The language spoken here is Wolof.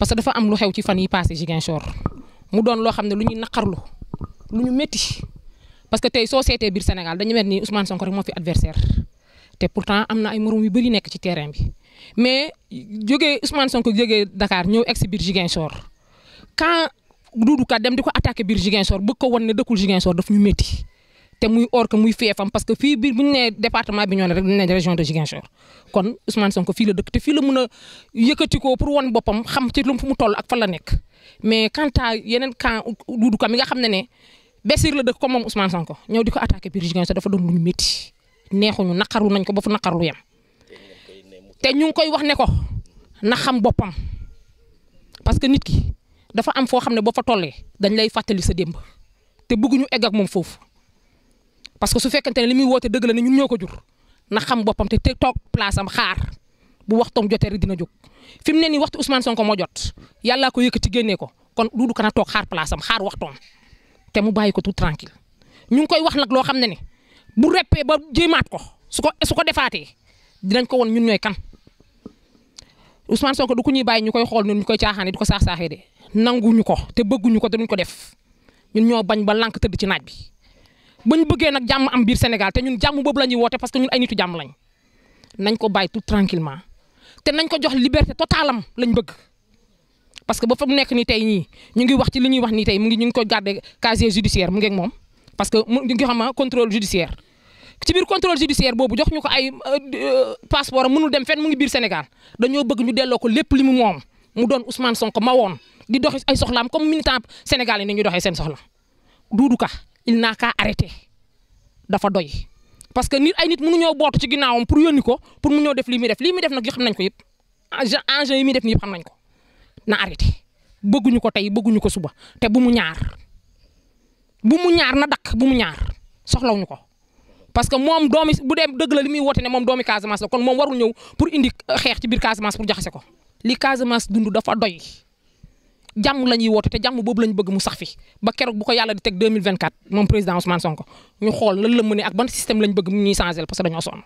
parce que dafa am lu xew ci fan yi passé Ziguinchor mu doon loo xam ne lu ñuy naqarlu lu ñu métti parce que tey soo seetee biir Sénégal dañu mel ni Ousmane Sonko rek moo fi adversaire te pourtant am na ay morom yu bëri nekk ci terrain bi mais jógee Ousmane Sonko jógee Dakar ñëw egg si biir Ziguinchor quand Doudou Ka dem di ko attaqué biir Ziguinchor bëgg ko wan ne dëkkul Ziguinchor daf ñu métti te muy or que muy feefam parce que fii bi bu ñu nee département bi ñoo ne rek dañu ne région de Ziguinchor kon Ousmane Sonko fii la dëkk te fii la mën a yëkkati ko pour wan boppam xam ci lu mu toll ak fan la nekk mais quant à yeneen camp Doudou Ka mi nga xam ne ne Bessir la dëkk ko moom Ousmane Sonko ñëw di ko attaqué biir Ziguinchor dafa doon lu ñu métti neexuñu naqaru nañ ko ba fu naqaru yem te ñu ngi koy wax ne ko na xam boppam parce que nit ki dafa am foo xam ne boo fa tollee dañ lay fàttali sa démb te bëgguñu egg moom foofu. parce que su fekkente ne li muy woote dëgg la ne ñun ko jur na xam boppam te toog place am xaar bu waxtoom jotee rek dina jóg fi mu ne nii waxtu Ousmane Sonko moo jot yàllaa ko yëkkati génnee ko kon Doudou Ka na toog xaar place am xaar waxtoom te mu bàyyi ko tout tranquille ñu ngi koy wax nag loo xam ne ne bu reppee ba jéemaat ko su ko su ko defaatee dinañ ko won ñun ñooy kan Ousmane Sonko du ko ñuy bàyyi ñu koy xool ñun ñu koy caaxaane di ko saax saaxee de nanguñu ko te bëgguñu ko te ko def ñun ñoo bañ ba lànk tëdd ci naaj bi. bañ bëggee nag jàmm am biir Sénégal te ñun jàmm boobu la ñuy woote parce que ñun ay nitu jàmm lañ nañ ko bàyyi tout tranquillement te nañ ko jox liberté totalam lañ bëgg parce que ba fa mu nekk nii tey ñii ñu ngi wax ci li ñuy wax nii tey mu ngi ñu ngi ko garder casier judiciaire mu ngi ak moom parce que mu ngi xam ah contrôle judiciaire ci biir contrôle judiciaire boobu jox ñu ko ay euh, euh, passeport am mënul dem fenn mu ngi biir Sénégal dañoo bëgg ñu delloo ko lépp li mu moom mu doon Ousmane Sonko ma woon di doxi ay soxlaam comme militant Sénégal yi ni ñu doxee seen soxla il n'a ka arrêter dafa doy parce que nit ay nit mënuñoo bootu ci ginnaawam pour yónni ko pour mu ñëw def lii muy def lii muy def nag yoo xam nañ ko yëpp enjeu yi muy def nii yëpp xam nañ ko na arrêté bëgguñu ko tey bëgguñu ko suba te bu mu ñaar bu mu ñaar na dakk bu mu ñaar soxlawuñu ko. parce que moom doomi bu dee dëgg la li muy woote ne moom doomi Casamance la kon moom warul ñëw pour indi xeex ci biir Casamance pour jaxase ko li Casamance dund dafa doy. jàmm la ñuy woote te jàmm boobu la bëgg mu sax fi ba keroog bu ko yàlla di teg 2024 moom président Ousmane Sonko ñu xool lan la mënee ak ban système la bëgg mu ñuy changé parce que dañoo sonn